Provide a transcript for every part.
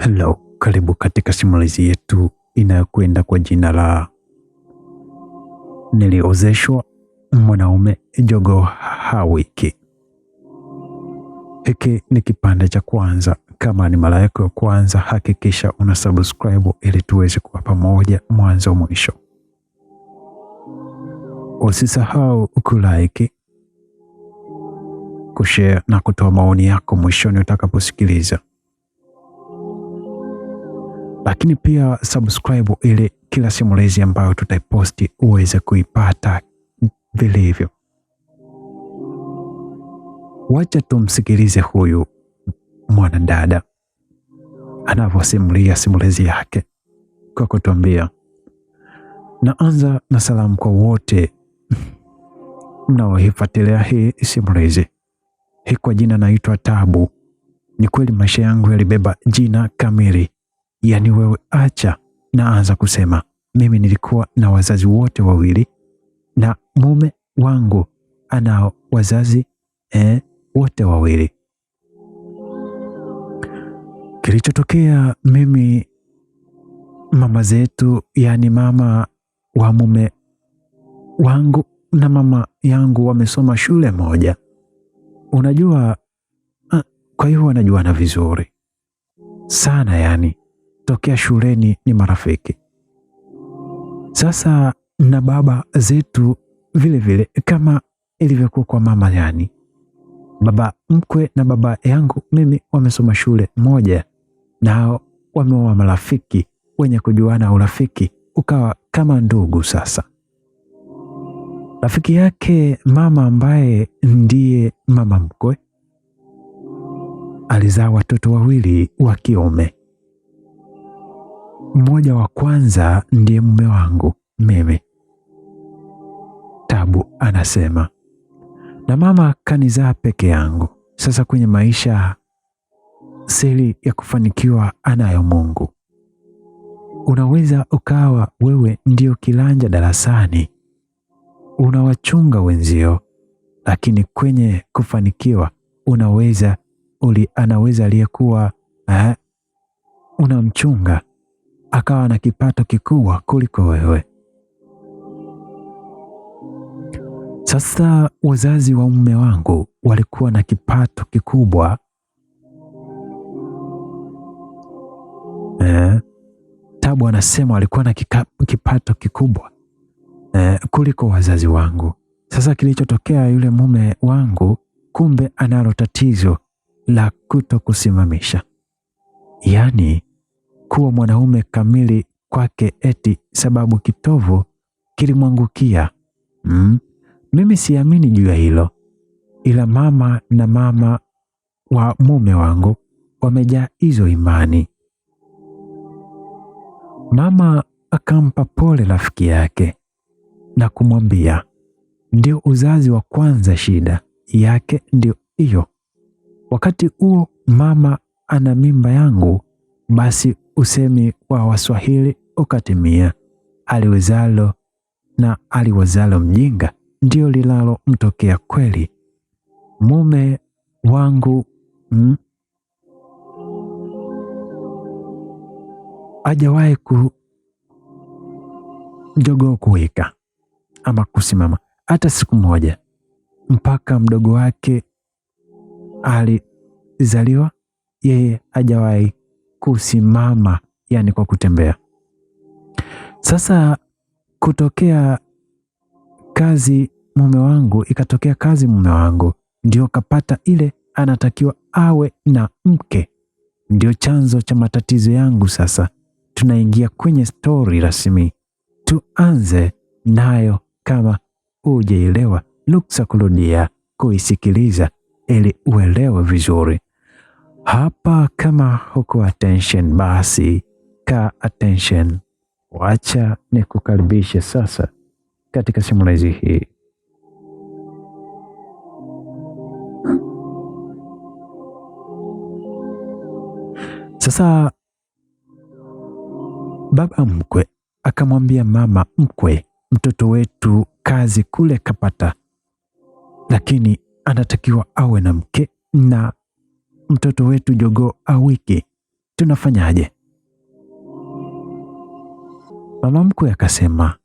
Hello, karibu katika simulizi yetu inayokwenda kwa jina la Niliozeshwa Mwanaume Jogoo Hawiki. Hiki ni kipande cha kwanza. Kama ni mara yako ya kwanza, hakikisha una subscribe ili tuweze kuwa pamoja mwanzo mwisho. Usisahau kulike, kushare na kutoa maoni yako mwishoni utakaposikiliza lakini pia subscribe ili kila simulizi ambayo tutaiposti uweze kuipata vilivyo. Wacha tumsikilize huyu mwanadada anavyosimulia simulizi yake kwa kutuambia. Naanza na salamu kwa wote mnaoifuatilia hii simulizi hii. Kwa jina naitwa Tabu. Ni kweli maisha yangu yalibeba jina kamili yani wewe acha na anza kusema, mimi nilikuwa na wazazi wote wawili na mume wangu ana wazazi eh, wote wawili. Kilichotokea mimi mama zetu, yaani mama wa mume wangu na mama yangu wamesoma shule moja, unajua. Ah, kwa hiyo wanajuana vizuri sana, yani tokea shuleni ni marafiki. Sasa na baba zetu vile vile kama ilivyokuwa kwa mama, yani baba mkwe na baba yangu mimi wamesoma shule moja, nao wameoa marafiki wenye kujuana, urafiki ukawa kama ndugu. Sasa rafiki yake mama ambaye ndiye mama mkwe alizaa watoto wawili wa kiume mmoja wa kwanza ndiye mume wangu mimi, Tabu anasema, na mama kanizaa peke yangu. Sasa kwenye maisha, siri ya kufanikiwa anayo Mungu. Unaweza ukawa wewe ndio kilanja darasani, unawachunga wenzio, lakini kwenye kufanikiwa unaweza uli, anaweza aliyekuwa eh, unamchunga akawa na kipato kikubwa kuliko wewe. Sasa wazazi wa mume wangu walikuwa na kipato kikubwa eh, Tabu anasema walikuwa na kika, kipato kikubwa eh, kuliko wazazi wangu. Sasa kilichotokea yule mume wangu kumbe analo tatizo la kuto kusimamisha, yaani kuwa mwanaume kamili kwake eti sababu kitovu kilimwangukia. Mm, mimi siamini juu ya hilo, ila mama na mama wa mume wangu wamejaa hizo imani. Mama akampa pole rafiki yake na kumwambia ndio uzazi wa kwanza, shida yake ndio hiyo. Wakati huo mama ana mimba yangu, basi Usemi wa Waswahili ukatimia, aliwezalo na aliwezalo mjinga ndio linalomtokea kweli. Mume wangu mm, ajawahi ku jogoo kuwika ama kusimama hata siku moja, mpaka mdogo wake alizaliwa, yeye hajawahi kusimama, yani kwa kutembea. Sasa kutokea kazi mume wangu, ikatokea kazi mume wangu ndio kapata ile anatakiwa awe na mke, ndio chanzo cha matatizo yangu. Sasa tunaingia kwenye stori rasmi, tuanze nayo kama hujaelewa, ruksa kurudia kuisikiliza ili uelewe vizuri. Hapa kama huko attention, basi ka attention. Wacha ni kukaribishe sasa katika simulizi hii. Sasa baba mkwe akamwambia mama mkwe, mtoto wetu kazi kule kapata, lakini anatakiwa awe na mke na mtoto wetu jogoo awiki, tunafanyaje? Mama mkwe akasema,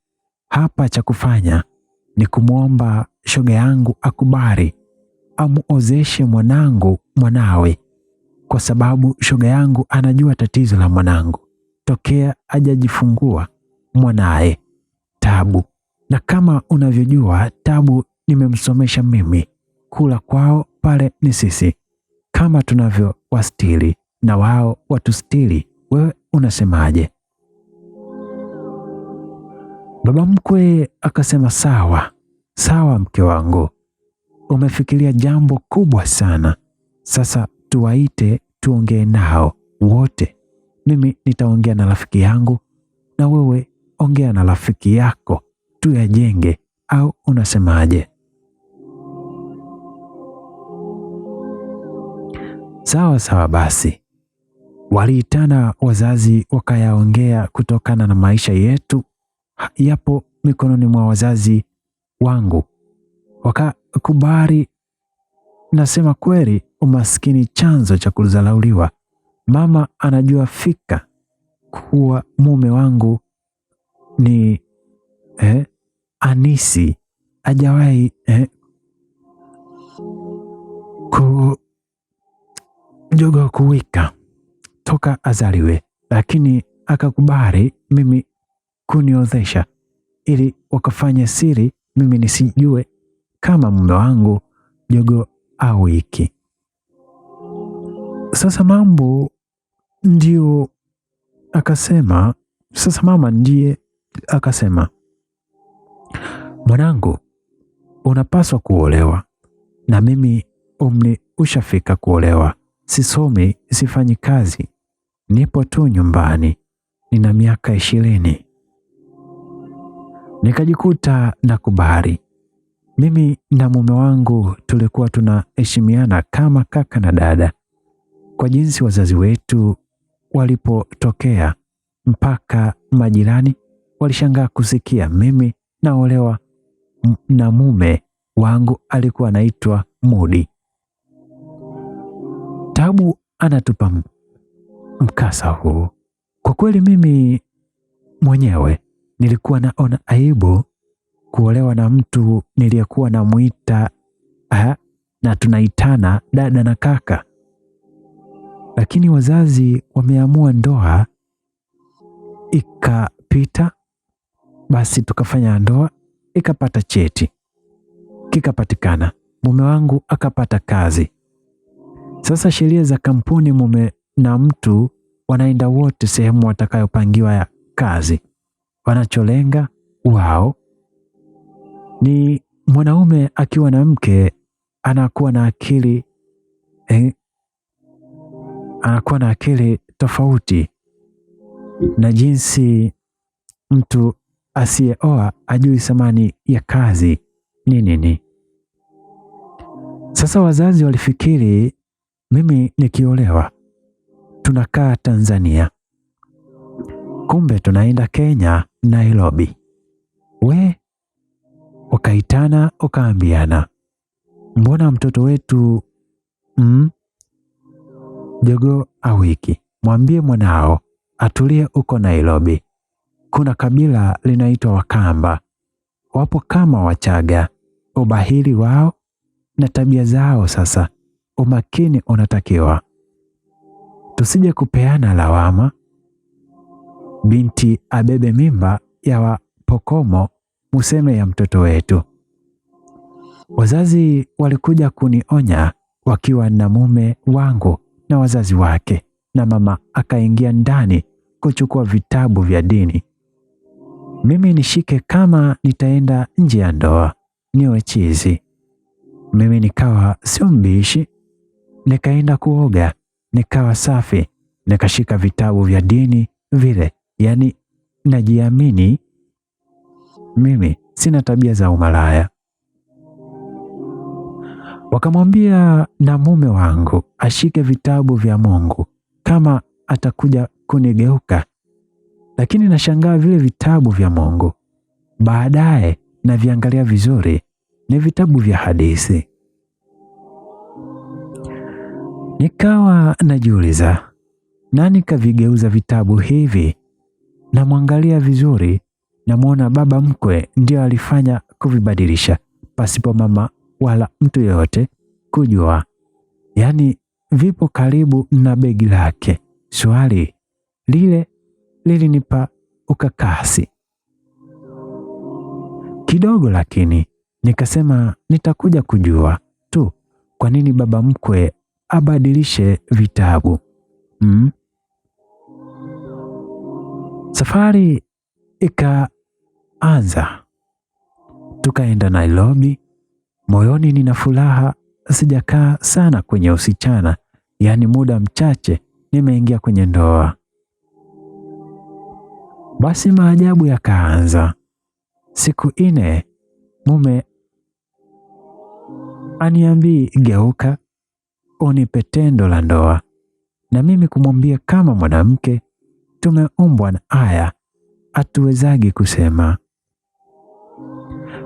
hapa cha kufanya ni kumwomba shoga yangu akubali amuozeshe mwanangu mwanawe, kwa sababu shoga yangu anajua tatizo la mwanangu tokea ajajifungua mwanaye Tabu, na kama unavyojua Tabu nimemsomesha mimi, kula kwao pale ni sisi kama tunavyowastiri na wao watustiri. Wewe unasemaje? Baba mkwe akasema, sawa sawa, mke wangu, umefikiria jambo kubwa sana. Sasa tuwaite tuongee nao wote. Mimi nitaongea na rafiki yangu na wewe ongea na rafiki yako, tuyajenge, au unasemaje? Sawa sawa basi, waliitana wazazi wakayaongea. Kutokana na maisha yetu yapo mikononi mwa wazazi wangu, wakakubali. Nasema kweli, umaskini chanzo cha kudharauliwa. Mama anajua fika kuwa mume wangu ni eh, Anisi hajawahi eh, ku Jogo kuwika toka azaliwe, lakini akakubali mimi kuniozesha ili wakafanya siri, mimi nisijue kama mume wangu Jogo awiki. Sasa mambo ndio akasema, sasa mama ndiye akasema, mwanangu, unapaswa kuolewa na mimi umri ushafika kuolewa Sisomi, sifanyi kazi, nipo tu nyumbani, nina miaka ishirini. Nikajikuta na kubari. Mimi na mume wangu tulikuwa tunaheshimiana kama kaka na dada kwa jinsi wazazi wetu walipotokea, mpaka majirani walishangaa kusikia mimi naolewa na mume wangu alikuwa anaitwa Mudi. Tabu anatupa mkasa huu. Kwa kweli mimi mwenyewe nilikuwa naona aibu kuolewa na mtu niliyekuwa namwita na tunaitana dada na kaka, lakini wazazi wameamua ndoa ikapita, basi tukafanya ndoa ikapata cheti kikapatikana, mume wangu akapata kazi, sasa sheria za kampuni, mume na mtu wanaenda wote sehemu watakayopangiwa ya kazi. Wanacholenga wao ni mwanaume akiwa na mke anakuwa na akili eh, anakuwa na akili tofauti na jinsi mtu asiyeoa ajui thamani ya kazi ni nini. Sasa wazazi walifikiri mimi nikiolewa tunakaa Tanzania, kumbe tunaenda Kenya, Nairobi. We ukaitana ukaambiana mbona mtoto wetu mm, jogo awiki, mwambie mwanao atulie huko Nairobi. Kuna kabila linaitwa Wakamba, wapo kama Wachaga, ubahili wao na tabia zao sasa umakini unatakiwa, tusije kupeana lawama. Binti abebe mimba ya wapokomo, museme ya mtoto wetu. Wazazi walikuja kunionya wakiwa na mume wangu na wazazi wake, na mama akaingia ndani kuchukua vitabu vya dini, mimi nishike kama nitaenda nje ya ndoa niwe chizi. Mimi nikawa sio mbishi, Nikaenda kuoga, nikawa safi, nikashika vitabu vya dini vile, yaani najiamini mimi sina tabia za umalaya. Wakamwambia na mume wangu ashike vitabu vya Mungu kama atakuja kunigeuka, lakini nashangaa vile vitabu vya Mungu baadaye naviangalia vizuri, ni vitabu vya hadithi. Nikawa najiuliza nani kavigeuza vitabu hivi? Namwangalia vizuri, namwona baba mkwe ndio alifanya kuvibadilisha pasipo mama wala mtu yoyote kujua, yaani vipo karibu na begi lake. Swali lile lilinipa ukakasi kidogo, lakini nikasema nitakuja kujua tu kwa nini baba mkwe abadilishe vitabu mm. Safari ikaanza, tukaenda Nairobi. Moyoni nina furaha, sijakaa sana kwenye usichana, yaani muda mchache nimeingia kwenye ndoa. Basi maajabu yakaanza. Siku ine mume aniambii geuka, unipe tendo la ndoa na mimi kumwambia kama mwanamke tumeumbwa na aya, hatuwezagi kusema.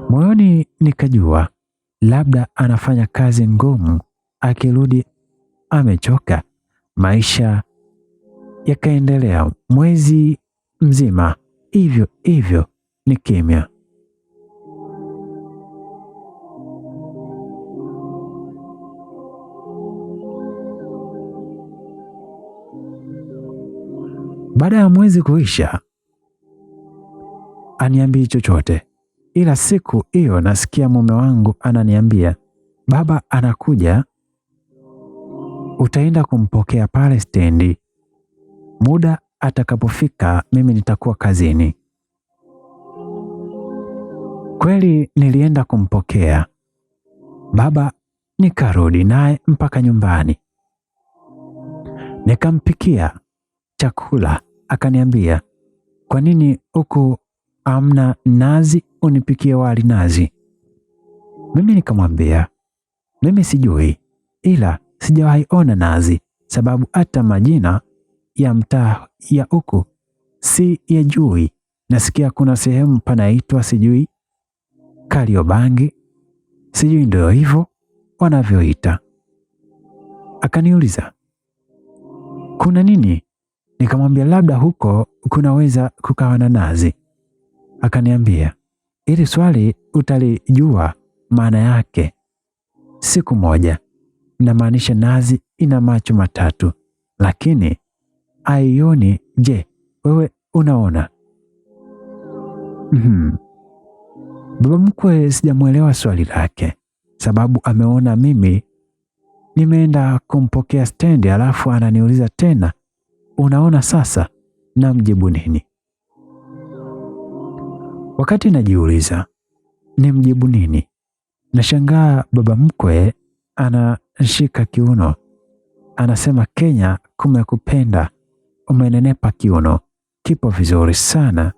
Moyoni nikajua labda anafanya kazi ngumu, akirudi amechoka. Maisha yakaendelea mwezi mzima hivyo hivyo, ni kimya. Baada ya mwezi kuisha, aniambii chochote, ila siku hiyo nasikia mume wangu ananiambia, baba anakuja, utaenda kumpokea pale stendi, muda atakapofika mimi nitakuwa kazini. Kweli nilienda kumpokea baba, nikarudi naye mpaka nyumbani, nikampikia chakula akaniambia, kwa nini huku amna nazi? Unipikie wali nazi. Mimi nikamwambia, mimi sijui, ila sijawahi ona nazi, sababu hata majina ya mtaa ya huku si jui. Nasikia kuna sehemu panaitwa sijui Kariobangi, sijui ndio hivyo wanavyoita. Akaniuliza, kuna nini Nikamwambia labda huko kunaweza kukawa na nazi. Akaniambia ili swali utalijua maana yake siku moja. Inamaanisha nazi ina macho matatu lakini aioni Je, wewe unaona? Mm-hmm. Baba mkwe sijamwelewa swali lake, sababu ameona mimi nimeenda kumpokea stendi, alafu ananiuliza tena unaona sasa na mjibu nini? Wakati najiuliza ni mjibu nini, nashangaa baba mkwe anashika kiuno, anasema, Kenya kumekupenda, umenenepa, kiuno kipo vizuri sana,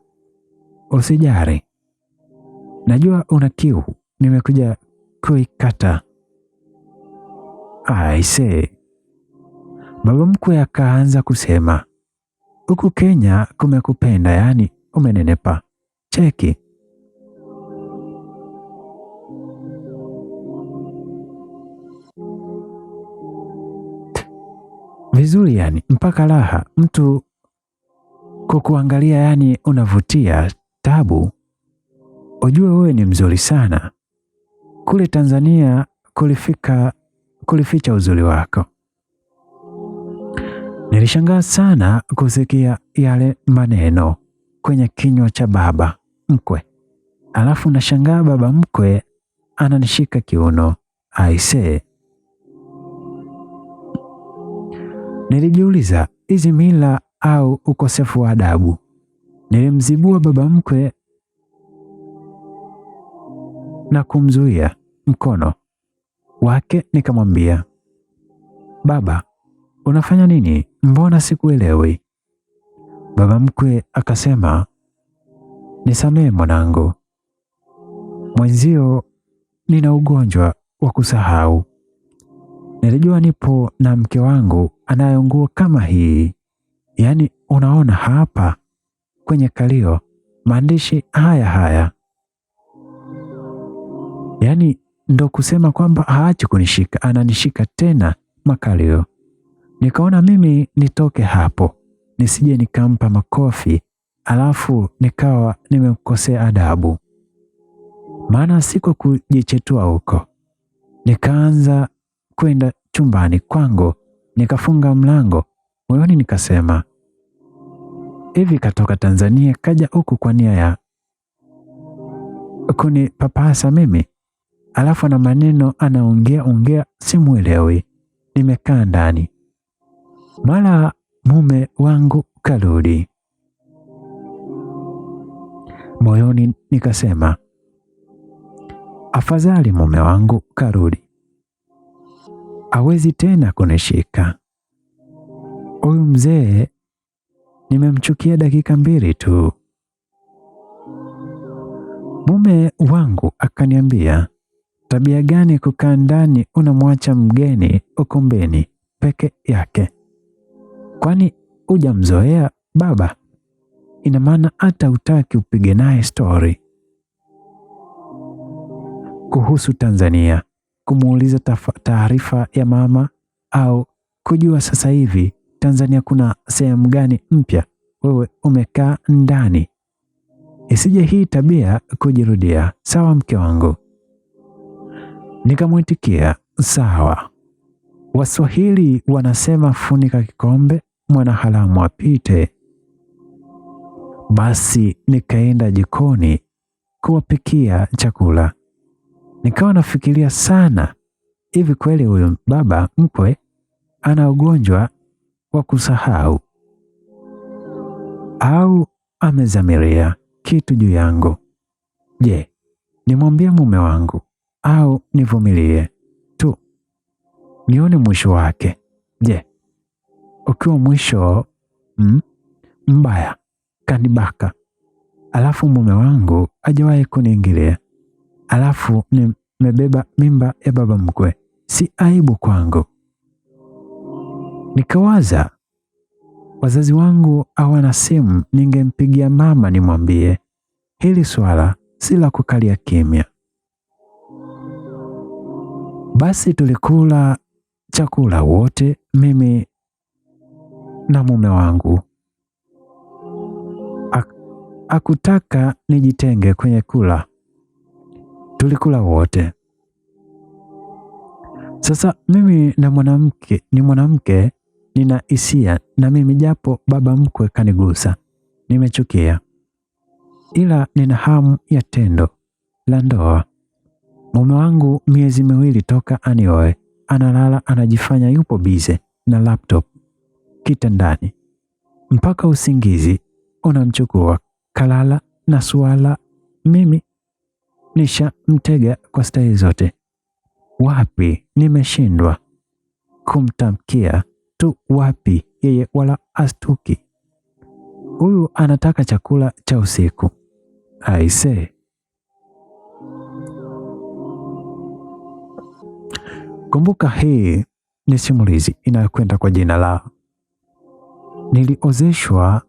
usijari, najua una kiu, nimekuja kuikata. Aisee, Baba mkwe akaanza kusema, huku Kenya kumekupenda, yaani umenenepa, cheki. Vizuri yani, mpaka raha mtu kukuangalia, yani unavutia tabu. Ujue wewe ni mzuri sana. Kule Tanzania kulifika kulificha uzuri wako. Nilishangaa sana kusikia yale maneno kwenye kinywa cha baba mkwe, alafu nashangaa baba mkwe ananishika kiuno. aisee nilijiuliza hizi mila au ukosefu wa adabu. Nilimzibua baba mkwe na kumzuia mkono wake, nikamwambia, baba, unafanya nini? mbona sikuelewi? Baba mkwe akasema, nisamehe mwanangu, mwenzio, nina ugonjwa wa kusahau. Nilijua nipo na mke wangu anayo nguo kama hii, yaani unaona hapa kwenye kalio maandishi haya haya, yaani ndo kusema kwamba haachi kunishika, ananishika tena makalio. Nikaona mimi nitoke hapo nisije nikampa makofi alafu nikawa nimekosea adabu, maana siko kujichetua huko. Nikaanza kwenda chumbani kwangu, nikafunga mlango. Moyoni nikasema hivi, katoka Tanzania kaja huku kwa nia ya kunipapasa mimi, alafu na maneno anaongea ongea, simuelewi. Nimekaa ndani mara mume wangu karudi. Moyoni nikasema afadhali mume wangu karudi, hawezi tena kunishika huyu mzee. Nimemchukia dakika mbili tu. Mume wangu akaniambia, tabia gani kukaa ndani unamwacha mgeni ukumbeni peke yake? Kwani hujamzoea baba? Ina maana hata utaki upige naye stori. Kuhusu Tanzania, kumuuliza taarifa ya mama au kujua sasa hivi Tanzania kuna sehemu gani mpya wewe umekaa ndani. Isije hii tabia kujirudia, sawa mke wangu? Nikamwitikia sawa. Waswahili wanasema funika kikombe mwanaharamu apite. Basi nikaenda jikoni kuwapikia chakula, nikawa nafikiria sana, hivi kweli huyu baba mkwe ana ugonjwa wa kusahau au amezamiria kitu juu yangu? Je, nimwambie mume wangu au nivumilie tu nione mwisho wake? Je, ukiwa mwisho m, hmm, mbaya kanibaka, alafu mume wangu hajawahi kuniingilia, alafu nimebeba mimba ya baba mkwe, si aibu kwangu? Nikawaza, wazazi wangu hawana simu, ningempigia mama nimwambie hili swala si la kukalia kimya. Basi tulikula chakula wote, mimi na mume wangu. Hakutaka nijitenge kwenye kula, tulikula wote. Sasa mimi na mwanamke ni mwanamke, nina hisia na mimi, japo baba mkwe kanigusa, nimechukia, ila nina hamu ya tendo la ndoa. Mume wangu miezi miwili toka anioe, analala anajifanya yupo bize na laptop kitandani mpaka usingizi unamchukua kalala na suala. Mimi nishamtega kwa stahi zote, wapi nimeshindwa kumtamkia tu, wapi yeye wala astuki. Huyu anataka chakula cha usiku aise. Kumbuka hii ni simulizi inayokwenda kwa jina la niliozeshwa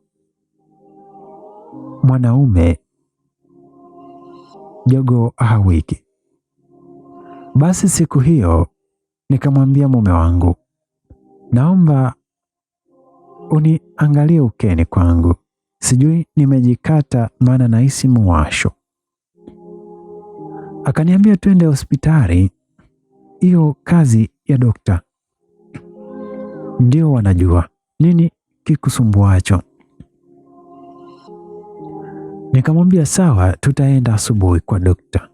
mwanaume jogo hawiki. Basi siku hiyo nikamwambia mume wangu, naomba uniangalie ukeni kwangu, sijui nimejikata, maana nahisi muwasho. Akaniambia twende hospitali, hiyo kazi ya dokta ndio wanajua nini kikusumbuacho. Nikamwambia sawa, tutaenda asubuhi kwa dokta.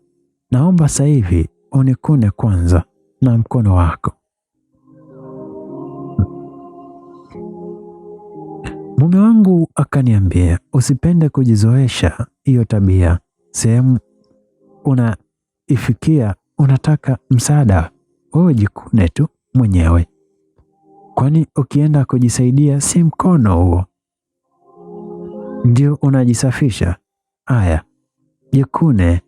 Naomba sasa hivi unikune kwanza na mkono wako. Mume wangu akaniambia usipende kujizoesha hiyo tabia, sehemu unaifikia unataka msaada, wewe jikune tu mwenyewe kwani ukienda kujisaidia si mkono huo ndio unajisafisha. Aya, jikune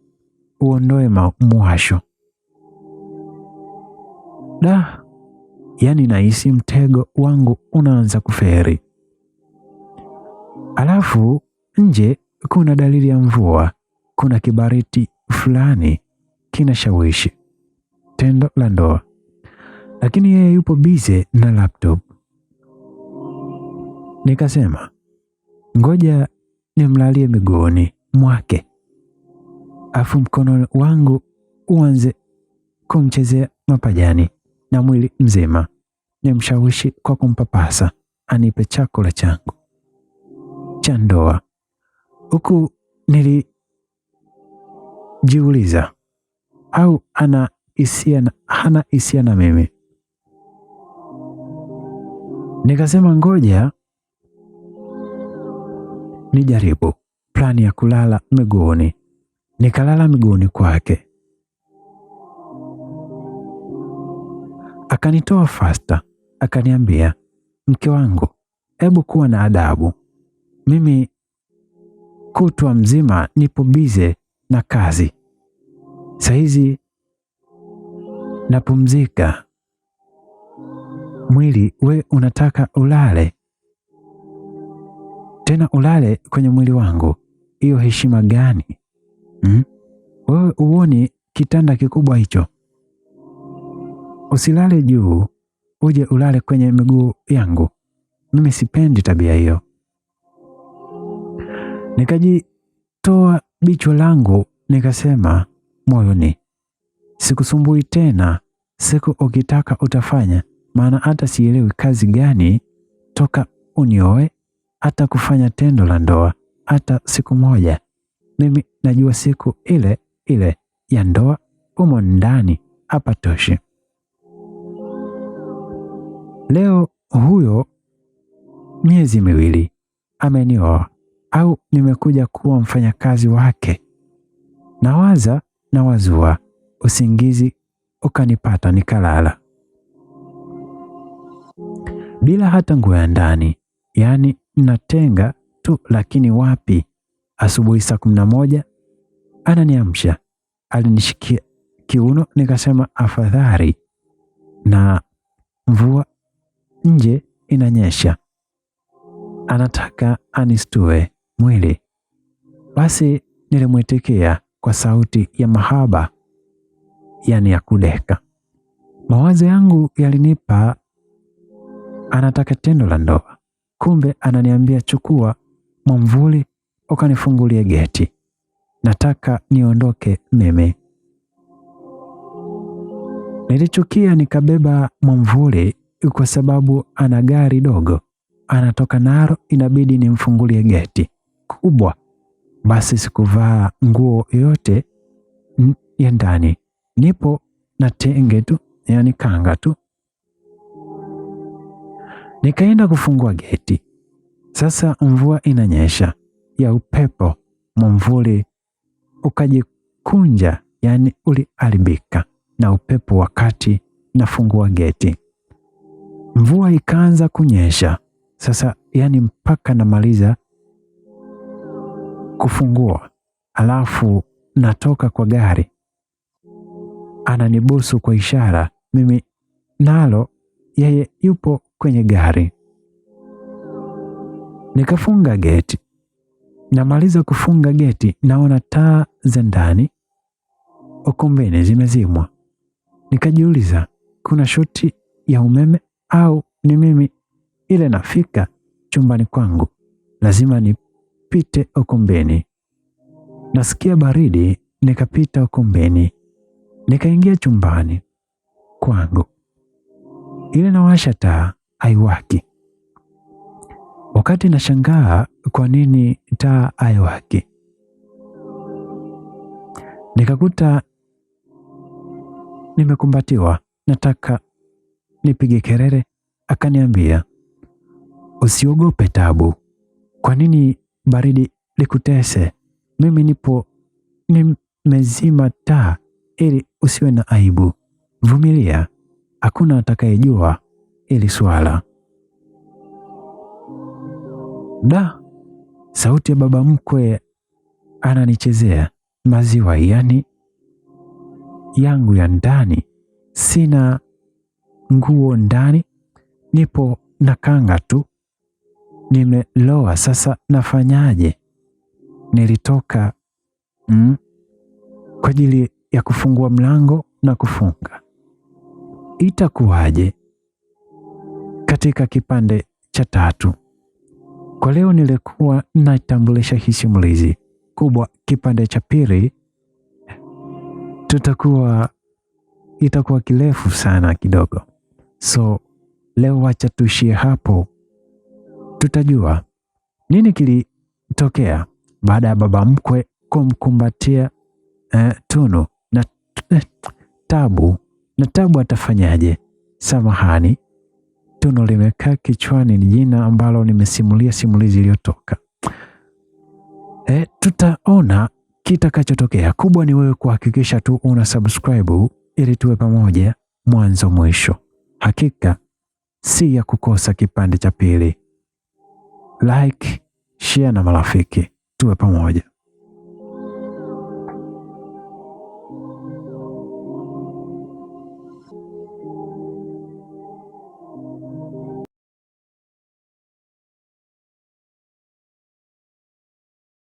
uondoe mwasho. Da, yani nahisi mtego wangu unaanza kuferi. Alafu nje kuna dalili ya mvua, kuna kibariti fulani kinashawishi tendo la ndoa lakini yeye yupo bize na laptop. Nikasema ngoja nimlalie miguuni mwake, afu mkono wangu uanze kumchezea mapajani na mwili mzima, nimshawishi kwa kumpapasa anipe chakula changu cha ndoa, huku nilijiuliza au ana hisia, hana hisia na mimi. Nikasema ngoja nijaribu plani ya kulala miguuni. Nikalala miguuni kwake, akanitoa fasta, akaniambia mke wangu, hebu kuwa na adabu, mimi kutwa mzima nipo bize na kazi, saa hizi napumzika mwili we unataka ulale tena, ulale kwenye mwili wangu. Hiyo heshima gani hmm? Wewe uoni kitanda kikubwa hicho? Usilale juu uje ulale kwenye miguu yangu. Mimi sipendi tabia hiyo. Nikajitoa bicho langu nikasema moyoni, sikusumbui tena, siku ukitaka utafanya maana hata sielewi kazi gani toka unioe hata kufanya tendo la ndoa hata siku moja. Mimi najua siku ile ile ya ndoa umo ndani hapa toshi. Leo huyo miezi miwili amenioa au nimekuja kuwa mfanyakazi wake. Nawaza na wazua, usingizi ukanipata nikalala bila hata nguo ya ndani, yaani mnatenga tu. Lakini wapi, asubuhi saa kumi na moja ananiamsha, alinishikia kiuno, nikasema afadhali, na mvua nje inanyesha, anataka anistue mwili. Basi nilimwetekea kwa sauti ya mahaba, yani ya kudeka. Mawazo yangu yalinipa anataka tendo la ndoa, kumbe ananiambia chukua mwamvuli ukanifungulie geti, nataka niondoke mimi. Nilichukia nikabeba mwamvuli kwa sababu ana gari dogo anatoka naro, inabidi nimfungulie geti kubwa. Basi sikuvaa nguo yote ya ndani, nipo na tenge tu, yani kanga tu Nikaenda kufungua geti. Sasa mvua inanyesha ya upepo, mwamvuli ukajikunja, yaani uliharibika na upepo. Wakati nafungua geti, mvua ikaanza kunyesha sasa, yaani mpaka namaliza kufungua, alafu natoka kwa gari, ananibusu kwa ishara, mimi nalo, yeye yupo kwenye gari. Nikafunga geti. Namaliza kufunga geti, naona taa za ndani ukumbini zimezimwa. Nikajiuliza, kuna shoti ya umeme au ni mimi? Ile nafika chumbani kwangu, lazima nipite ukumbini. Nasikia baridi, nikapita ukumbini, nikaingia chumbani kwangu. Ile nawasha taa, haiwaki. Wakati nashangaa kwa nini taa haiwaki, nikakuta nimekumbatiwa, nataka nipige kelele. Akaniambia, usiogope Tabu, kwa nini baridi likutese? Mimi nipo, nimezima taa ili usiwe na aibu. Vumilia, hakuna atakayejua ili swala. Da, sauti ya baba mkwe ananichezea maziwa, yani yangu ya ndani. Sina nguo ndani, nipo na kanga tu, nimeloa. Sasa nafanyaje? Nilitoka mm, kwa ajili ya kufungua mlango na kufunga, itakuwaje? katika kipande cha tatu. Kwa leo nilikuwa natambulisha hii simulizi kubwa. Kipande cha pili tutakuwa itakuwa kirefu sana kidogo, so leo wacha tuishie hapo. Tutajua nini kilitokea baada ya baba mkwe kumkumbatia eh, Tunu na eh, Tabu na Tabu atafanyaje? Samahani Tunu limekaa kichwani, ni jina ambalo nimesimulia simulizi iliyotoka. E, tutaona kitakachotokea. Kubwa ni wewe kuhakikisha tu una subscribe ili tuwe pamoja mwanzo mwisho. Hakika si ya kukosa kipande cha pili. Like, share na marafiki, tuwe pamoja.